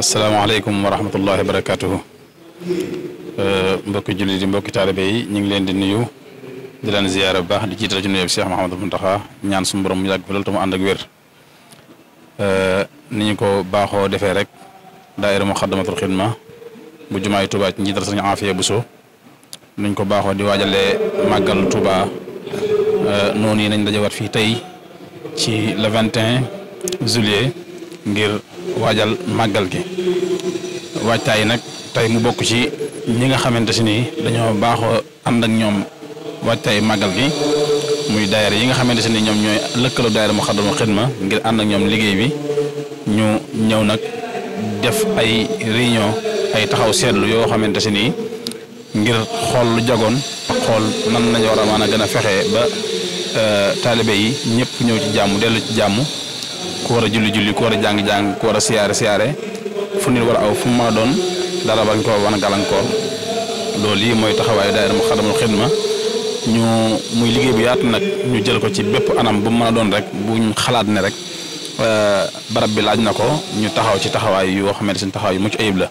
asalaamaaleykum wa rahmatullahi wa barakaatuhu euh, mbokki jullit yi mbokki taalibe yi ñu ngi leen di nuyu di leen ziyaara bu baax di jiital ci nuyu bi Cheikh Mouhamadou Mountakha ñaan suñu borom mu yàgg fi loolu te mu ànd euh, ñu ko baaxoo defee rek daayira Muxaddamatul Xidma bu jumaay Touba ci njiital sëñ Afiya Buso nuñ ko baaxoo di waajale màggal Touba euh, noonu yi nañ dajewaat fii tey ci le 21 juillet ngir waajal màggal gi waajtaay nag tey mu bokk ci ñi nga xamante si nii dañoo baaxoo ànd ak ñoom waajtaay màggal gi muy daayira yi nga xamante si nii ñoom ñooy lëkkaloo daayira Muxaddamatul Xidma ngir ànd ak ñoom liggéey bi ñu ñëw nag def ay réunion ay taxaw seetlu yoo xamante si nii ngir xool lu jagoon xool nan nañu war a mën a gën a fexe ba euh, taalibe yi ñëpp ñëw ci jàmm dellu ci jàmm ku war a julli julli ku war a jàng jàng ku war siyaare siyaare fu nit war a aw fu mu mën doon dara bañ ko a gàllankoor loolu yi mooy taxawaayu daayira Muxaddamatul Xidma muy liggéey bu nag ñu jël ko ci bépp anam bu mu mën doon rek buñ xalaat ne rek euh, barab bi laaj na ko ñu taxaw ci taxawaay yoo xamante seen taxawaay yu mucc ayib la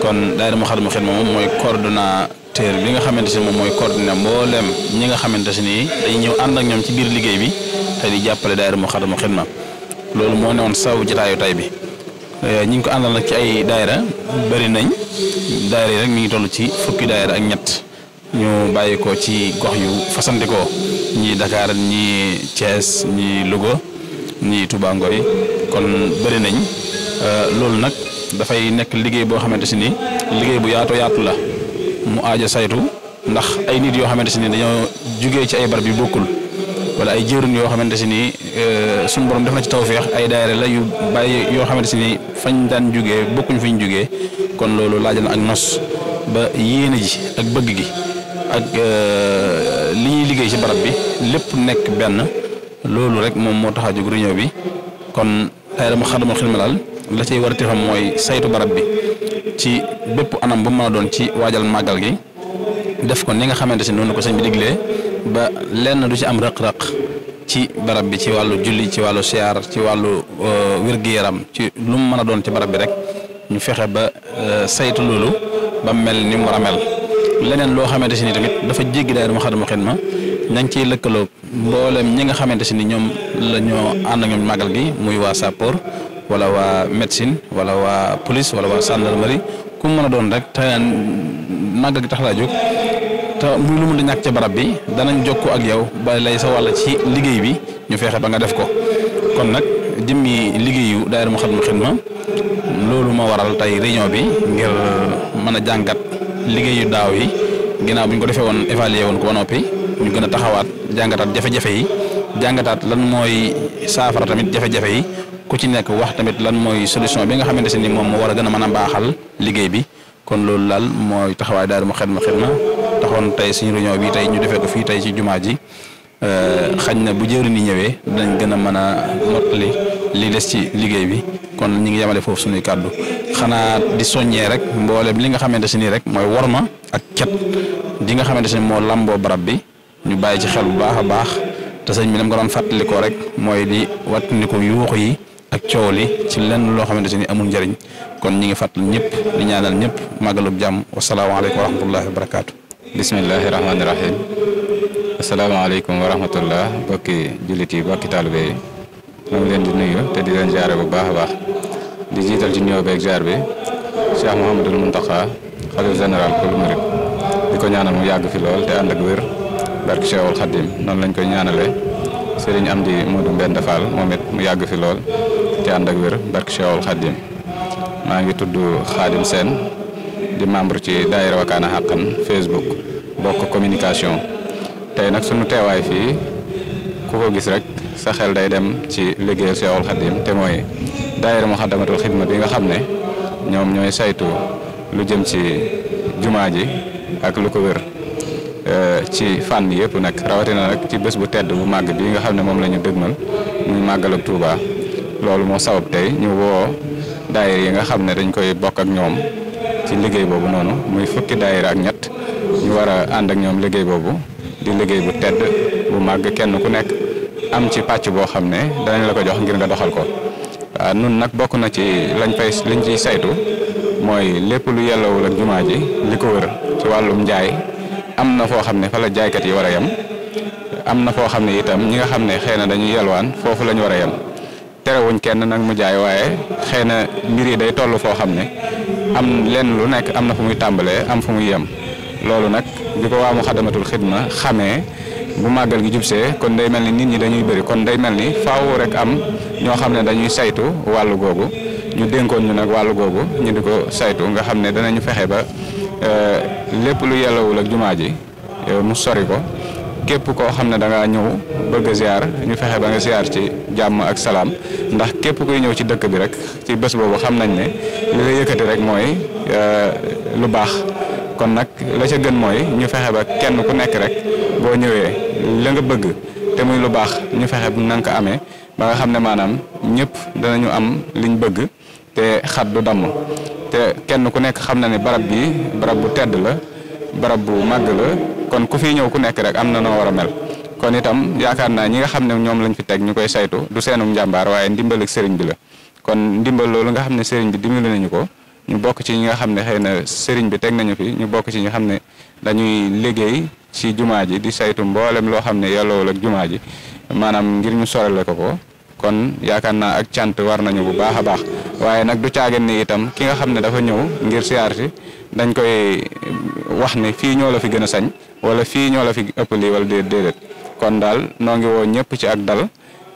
kon a daayira Muxaddamatul Xidma moom mooy coordonnateur bi nga xamante si moom mooy coordonné mboolem ñi nga xamante si nii dañuy ñëw ànd ak ñoom ci biir liggéey bi te di jàppale daayira Muxaddamatul Xidma loolu moo newoon saw jataayu tay bi eh, ñi ngi ko àndal nag ci ay daayira bari nañ daayira yi rek mi ngi toll ci fukki daayira ak ñett ñu bàyyi ko ci gox yu fasantikoo ñi Dakar ñi Thiès ñii Louga ñii Touba Ngoy kon bëri nañ eh, loolu nag dafay nekk liggéey boo xamante si ni liggéey bu yaatu yaatu la mu aajo saytu ndax ay nit yoo xamante si ni dañoo jugee ci ay barab yu bokkul wala ay jëwriñ yoo xamante si nii euh, suñu borom def na ci tawféex ay daayira la yu bàyyi yoo xamante si nii fañ daan jóge bokkuñ fi ñu jugee kon loolu laajal na ak nos ba yéene ji ak bëgg gi ak euh, li ñuy liggéey ci barab bi lépp nekk benn loolu rek moom moo tax a jóg réunion bi kon daayira Moukhaddamatoul Khidma daal la cay war a tefam mooy saytu barab bi ci bépp anam bu mën a doon ci waajal màggal gi def ko ni nga xamante si noonu ko sañ bi diglee ba lenn du ci am rëq-rëq ci barab bi ci wàllu julli ci wàllu siyaar ci wàllu euh, wér-gu-yaram ci lu mu mën a doon ci barab bi rek ñu fexe ba euh, saytu loolu ba mel ni mu war a leneen loo xamante si ni tamit dafa jéggi daay dama xadama xidma ña ngi ciy lëkkaloo mboolem ñi nga xamante si ni ñoom la ñoo ànd ak ñoom màggal gi muy waa sappoor wala waa médecine wala waa police wala waa gendarmerie ku mën a doon rek te màggal gi tax laa jóg te muy lu mu di ñàkk ca barab bi danañ jokkoo ak yow ba lay sa wàll ci liggéey bi ñu fexe ba nga def ko kon nag jëmmi liggéeyu daayira Moukhaddamatoul Khidma loolu ma waral tey réunion bi ngir mën a jàngat liggéeyu daaw yi ginnaaw bu ñu ko defee woon évaluer woon ko ba noppi ñu gën a taxawaat jàngataat jafe-jafe yi jàngataat lan mooy saafara tamit jafe-jafe yi ku ci nekk wax tamit lan mooy solution bi nga xamante ne ni moom moo war a gën a mën a baaxal liggéey bi kon loolu laal mooy taxawaat taxawaay daayira Moukhaddamatoul Khidma taxoon tey suñu réunion bi tey ñu defee ko fii tey ci jumaa ji euh, xañ na bu jëwri ni ñëwee dinañ gën a mën a mottali li des ci liggéey bi kon ñu ngi yemale foofu suñuy kàddu xanaa di soññee rek mboolem li nga xamante si nii rek mooy worma ak cet di nga xamante si moo làmboo barab bi ñu bàyyi ci xel bu baax a baax te sëñ bi nam ko doon fàttalikoo rek mooy di ni ko yuuxu yi ak coow li ci lenn loo xamante si ni amul njariñ kon ñu ngi fàttali ñëpp di ñaanal ñëpp màggalub jàmm wasalaamaaleykum wa rahmatullahi wa barakaatu. bismillaahi rahmaani rahim asalaamaaleykum wa rahmatullah bokki jullit yi bokki taalibe yi ñoo leen di nuyu te di leen ziare bu baax a baax di jiital ci ñëw beeg ziar bi Cheikh Mouhamadul Mountakha xalif général kulu di ko ñaanal mu yàgg fi lool te ànd ak wér barki Cheikhul Khadim noonu lañ koy ñaanalee Serigne Amdi Modou Mbenda Fall moom it mu yàgg fi lool te ànd ak wér barki Cheikhul Khadim maa ngi tudd Khadim seen di membre ci daayira Wakana Haqqan Facebook bokk communication tey nag suñu teewaay fii ku ko gis rek sa xel day dem ci liggéeyu Seexul Xadim te mooy daayira Muxaddamatul Xidma bi nga xam ne ñoom ñooy saytu lu jëm ci jumaa ji ak lu ko wër eh, ci fànn yëpp nag rawatina nag ci bés bu tedd bu màgg bi nga xam ne moom lañu ñu dëgmal muy màggal ak Tuuba loolu moo sabab tey ñu woo daayira yi nga xam ne dañ koy bokk ak ñoom ci liggéey boobu noonu muy fukki daayira ak ñett ñu war a ànd ak ñoom liggéey boobu di liggéey bu tedd bu màgg kenn ku nekk am ci pàcc boo xam ne danañ la ko jox ngir nga doxal ko waaw ah, nun nag bokk na ci lañ fay liñ ciy saytu mooy lépp lu yelloowul ak jumaa ji li ko wër ci wàllum njaay am na foo xam ne fa la jaaykat yi war a yem am na foo xam ne itam ñi nga xam ne xëy na dañuy yelwaan foofu la ñu war a yem terewuñ kenn nag mu jaay waaye xëy na mbir yi day toll foo xam ne am lenn lu nekk am na fu muy tàmbalee am fu mu yem loolu nag bi ko waa Muxaddamatul Xidma xamee bu màggal gi jubsee kon day mel ni nit ñi dañuy bëri kon day mel ni faaw rek am ñoo xam ne dañuy saytu wàll googu ñu dénkoon ñu nag wàll googu ñu di ko saytu nga xam ne danañu fexe ba euh, lépp lu yellawul ak jumaa ji euh, mu sori ko képp koo xam ne da ngaa ñëw bëgg ziar ñu fexe ba nga ziar ci jàmm ak salaam ndax képp kuy ñëw ci dëkk bi rek ci bés boobu xam nañ ne li la yëkkati rek mooy euh, lu baax kon nag la ca gën mooy ñu fexe ba kenn ku nekk rek boo ñëwee la nga bëgg te muy lu baax ñu fexe ba na ko amee ba nga xam ne maanaam ñëpp danañu am liñ bëgg te xat du damm te kenn ku nekk xam na ne barab bi barab bu tedd la barab bu màgg la. kon ku fi ñëw ku nekk rek am na noo war a mel kon itam yaakaar naa ñi nga xam ne ñoom lañ fi teg ñu koy saytu du seenum njàmbaar waaye ndimbal ak sëriñ bi la kon ndimbal loolu nga xam ne sëriñ bi dimbali nañu ko ñu bokk ci ñi nga xam ne xëy na sëriñ bi teg nañu fi ñu bokk ci ñi xam ne dañuy liggéey ci jumaa ji di saytu mboolem loo xam ne yelloowul ak jumaa ji maanaam ngir ñu sorale ko ko kon yaakaar naa ak cant war nañu bu baax a baax waaye nag du caagen ni itam ki nga xam ne dafa ñëw ngir siyaar si dañ koy wax ni fii ñoo la fi gën a sañ wala fii ñoo fi ëpp lii wala déedéet kon daal noo ngi woo ñëpp ci ak dal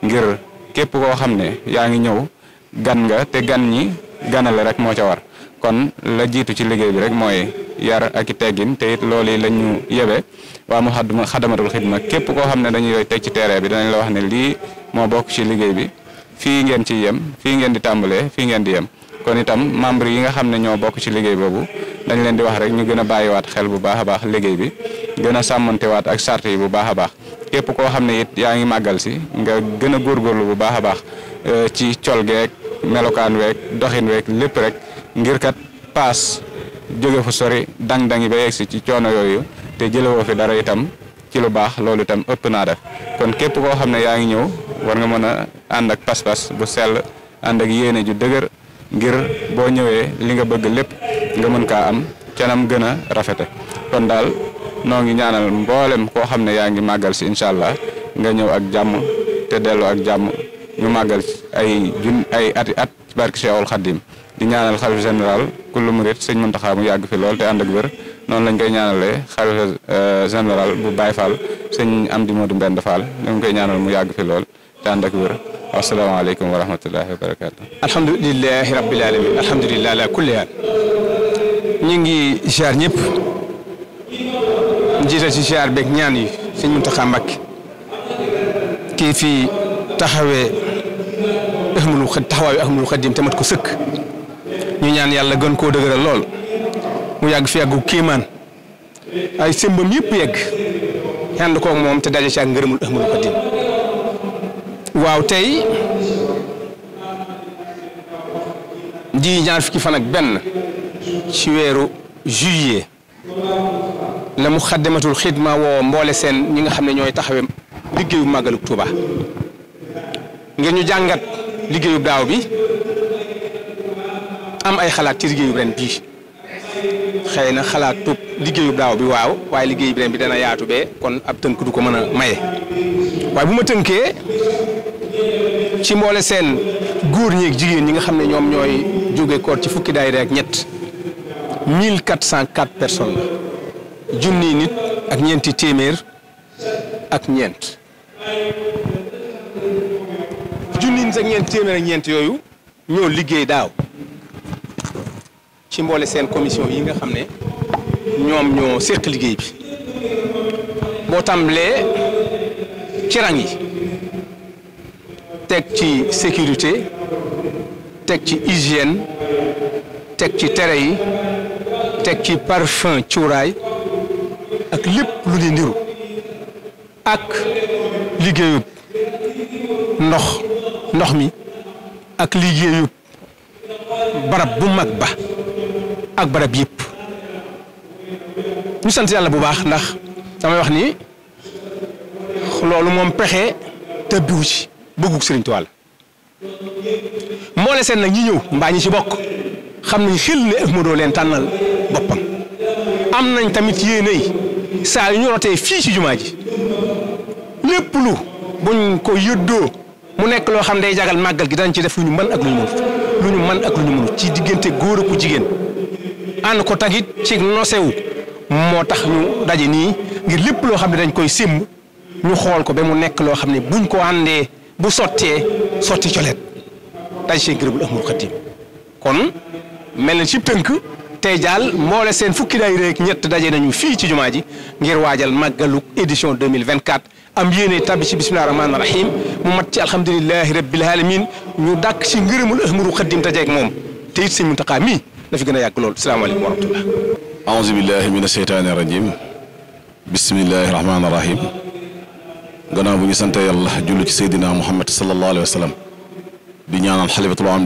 ngir képp koo xam ne yaa ngi ñëw gan nga te gan ñi ganale rek moo ca war kon la jiitu ci liggéey bi rek mooy yar ak i teggin te it loolu yebe waa mu xidma képp koo xam ne dañuy teg ci teere bi danañ la wax lii moo bokk ci liggéey bi fii ngeen ci yem fii ngeen di tàmbalee fii ngeen di yem kon itam membre yi nga xam ne ñoo bokk ci liggéey boobu dañ leen di wax rek ñu gën a bàyyiwaat xel bu baax a baax liggéey bi gën a sàmmantewaat ak sart yi bu baax a baax képp koo xam ne it yaa ngi màggal si nga gën a góorlu bu baax a baax euh, ci col geek melokaan week doxin week lépp rek ngir kat paas jóge fu sori dang-dangi ba yegg si ci coono yooyu te jëlewoo fi dara itam ci lu baax loolu itam ëpp naa kon képp koo xam ne yaa ngi ñëw war nga mën a ànd ak pas-pas bu sell ànd ak yéene ju dëgër ngir boo ñëwee li nga bëgg lépp nga mën kaa am kenam gën a rafete kon daal noo ngi ñaanal mboolem koo xam ne yaa ngi màggal si incha allah nga ñëw ak jàmm te delloo ak jàmm ñu màggal ay jun ay ati at barke Cheikhul Khadim di ñaanal xalifa général kullu murit sëñ Muntaxa mu yàgg fi lool te ànd ak wér noonu lañ koy ñaanalee xalifa euh, général bu Baye Fall sëñ Amdi Modou Mbend Fall ñu ngi koy ñaanal mu yàgg fi lool ànd ak wér asalaamaaleykum wa rahmatullahi wa barakaatu. alhamdulilahi rabbil alamin alhamdulilah haal ñu ngi ziar ñëpp njiital ci ziar beeg ñaan yi sëñ Muntaxa Mbàkke kii fii taxawee axmul taxawaayu axmul xadim te ko sëkk ñu ñaan yàlla gën koo dëgëral lool mu yàgg fi yàggu kéemaan ay sëmbam yëpp yegg ànd koog moom te daje ci ak ngërëmul axmul xadim waaw tey ji ñaar fukki fan ak benn ci weeru juillet la mu xaddamatul xidma woo mboole seen ñi nga xam ne ñooy taxawee liggéeyu màggalu Tuuba ngir ñu jàngat liggéeyu daaw bi am ay xalaat ci liggéeyu ren bii xëy na xalaat tub liggéeyu daaw bi waaw waaye liggéey bi ren bi dana yaatu be kon ab tënk du ko mën a maye waaye bu ma tënkee ci mboole seen góor ñeek jigéen ñi nga xam ne ñoom ñooy jóge koor ci fukki daayira ak ñett 1404 personnes la junni nit ak ñeenti téeméer ak ñeent junni nit ak ñeenti téeméer ak ñeent yooyu ñoo liggéey daaw ci mboole seen commission yi nga xam ne ñoom ñoo seq liggéey bi boo tàmbalee ci rang yi teg ci sécurité teg ci hygiène teg ci tere yi teg ci parfum cuuraay ak lépp lu di niru ak liggéeyub ndox ndox mi ak liggéeyub barab bu mag ba ak barab yépp ñu sant yàlla bu baax ndax damay wax nii loolu moom pexe tëbbiwu ci bëggug sëriñ Tuubaa moo la seen nag ñi ñëw mbaa ñi ci bokk xam nañ xel ne ak Modou leen tànnal boppam am nañ tamit yéenay saa yu ñu rotee fii ci jumaa ji lépp lu buñ ko yëddoo mu nekk loo xam day jagal màggal gi dañ ci def lu ñu mën ak lu ñu mënut lu ñu mën ak lu ñu mënut ci diggante góor aku jigéen ànd ko tagit ci nosewu moo tax ñu daje nii ngir lépp loo xam ne dañ koy simb ñu xool ko ba mu nekk loo xam ne buñ ko àndee bu sottee sotti coleet dañ see ngërëmul Ahmadou Khadim kon mel na ci tënk tey jaal mboole seen fukki day rek ñett daje nañu fii ci jumaa ji ngir waajal màggalu édition 2024 am yéene tabbi ci bisimilah rahmaani rahim mu mat ci alhamdulilahi rabbil alamin ñu dàkk ci ngërëmul Ahmadou Khadim dajeeg moom te it sëñ Muntaxa mii na fi gën a yàgg lool salaamaaleykum wa rahmatullah aouzu billahi a asheytaani rajim bismillahi rahmaani rahim gannaaw bu ñu sante yàlla jullu ci seydina muhammad sallallahu alayhi wa sallam di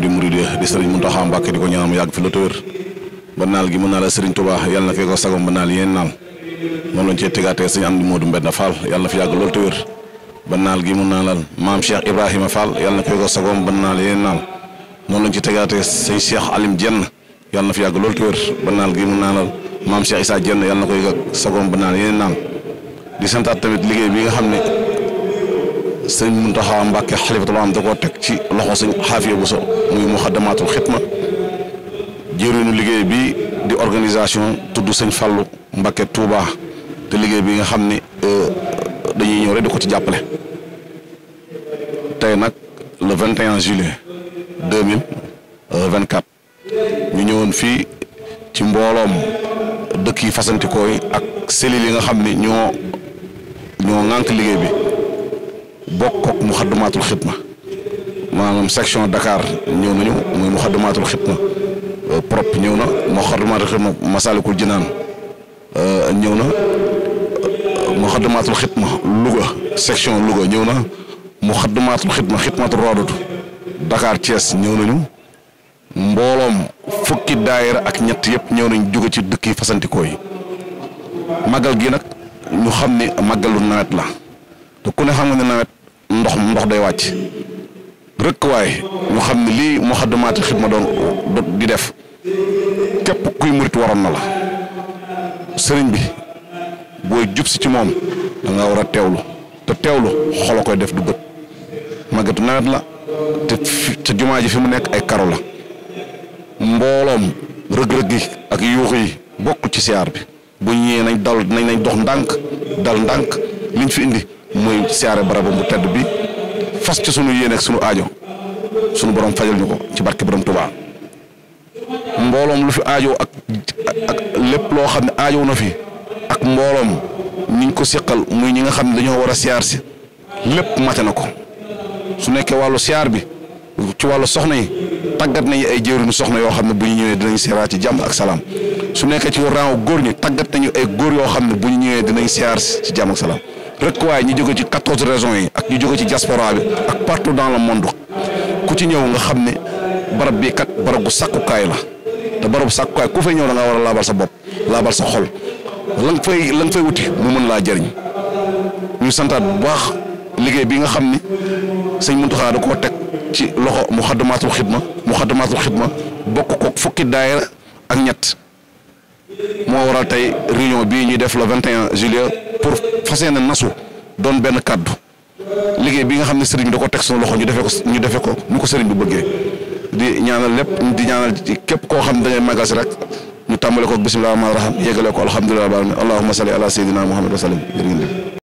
di murid di sëriñ Muntaxa di ko mu yàgg fi la tawér ba naal gi mën na fee ko sagom ba naal yéen naal moom lañ cee tegaatee sëñ am di moodu mbenn Fall yàlla na fi yàgg loolu tawér naal gi mën naa la maam Cheikh Ibrahima Fall yàlla na fee ko sagom ba naal yéen naal noonu lañ ci tegaatee sëñ Cheikh Alim Jenn yàlla na fi yàgg loolu te wér ba naal gi mu naanal maam Cheikh Issa Diène yàlla na ko yëg ak sagoom ba naal yeneen naam di santaat tamit liggéey bi nga xam ne sëñ Muntaxa Mbàkke xalifatul am da koo teg ci loxo sëñ Xaafiya Buso muy muxaddamaatul xitma jëriñu liggéey bi di organisation tudd sëñ Fàllu Mbàkke Touba te liggéey bi nga xam ne euh, dañuy ñëw rek di ko ci jàppale tey nag le 21 juillet 2024 ñu ñëwoon fii ci mbooloom dëkk yi fasantikoo ak cellules yi nga xam ni ñoo ñoo ŋànk liggéey bi bokk ak muxaddamaatul xidma maanaam section Dakar ñëw nañu muy muxaddamaatul xidma euh, prop ñëw na muxaddamaatul xidma masalikul jinaan euh, ñëw na euh, muxaddamaatul xidma Louga section Louga ñëw na muxaddamaatul xidma xidmatul roodatu Dakar Thiès ñëw nañu mbooloom fukki daayira ak ñett yëpp ñëw nañ jóge ci dëkk yi fasantikoo yi màggal gi nag ñu xam ni màggalu nawet la te ku ne xam ne nawet ndox ndox day wàcc rëkk waaye ñu xam ne lii Moukhaddamatoul Khidma doon di def képp kuy murit waroon na la sëriñ bi booy jub si ci moom danga war a teewlu te teewlu xolo koy def du bët màggatu nawet la te te jumaa ji fi mu nekk ay karo la mbooloom rëg-rëg ak yuux yi bokk ci siyaar bi bu ñëwee nañ dal nañ nañ dox ndànk dal ndànk liñ fi indi muy siyaare barabam mu tedd bi fas ci sunu yéene ak sunu ajo sunu borom fajal ko ci barke borom Tuubaa mbooloom lu fi ajo ak ak lépp loo xam ne aajo na fi ak mbooloom niñ ko siqal muy ñi nga xam ne dañoo war a siyaar si lépp mate na ko su nekkee wàllu siyaar bi ci wàllu soxna yi tàggat nañu ay jëwriñu soxna yoo xam ne bu ñu ñëwee dinañ siyaar ci jàmm ak salaam su nekkee ci rang góor ñi tàggat nañu ay góor yoo xam ne bu ñu ñëwee dinañ siyaar ci jàmm ak salaam rek waaye ñu jóge ci quatorze régions yi ak ñu jóge ci diaspora bi ak partout dans le monde ku ci ñëw nga xam ne barab bi kat bu sàkkukaay la te barabu sàkkukaay ku fay ñëw da nga war a laabal sa bopp laabal sa xol la nga fay la nga fay wuti mu mën laa jëriñ ñu santaat bu baax liggéey nga xam ni sëñ Muntaxa da koo teg ci loxo mu xaddamaatul xidma mu xaddamaatul xidma bokk ko fukki daayira ak ñett moo waral tey réunion bii ñuy def le 21 juillet pour fas yéene nasu doon benn kàddu liggéey bi nga xam ne sëriñ bi da ko teg suñu loxo ñu defee ko ñu defee ko ñu ko sëriñ bi bëggee di ñaanal lépp di ñaanal ci képp koo xam ne dangay magal si rek ñu tàmbale ko bisimilah rahmaani rahiim yeggalee ko alhamdulilah rabbil alamin allahumma salli ala sayyidina muhammad wa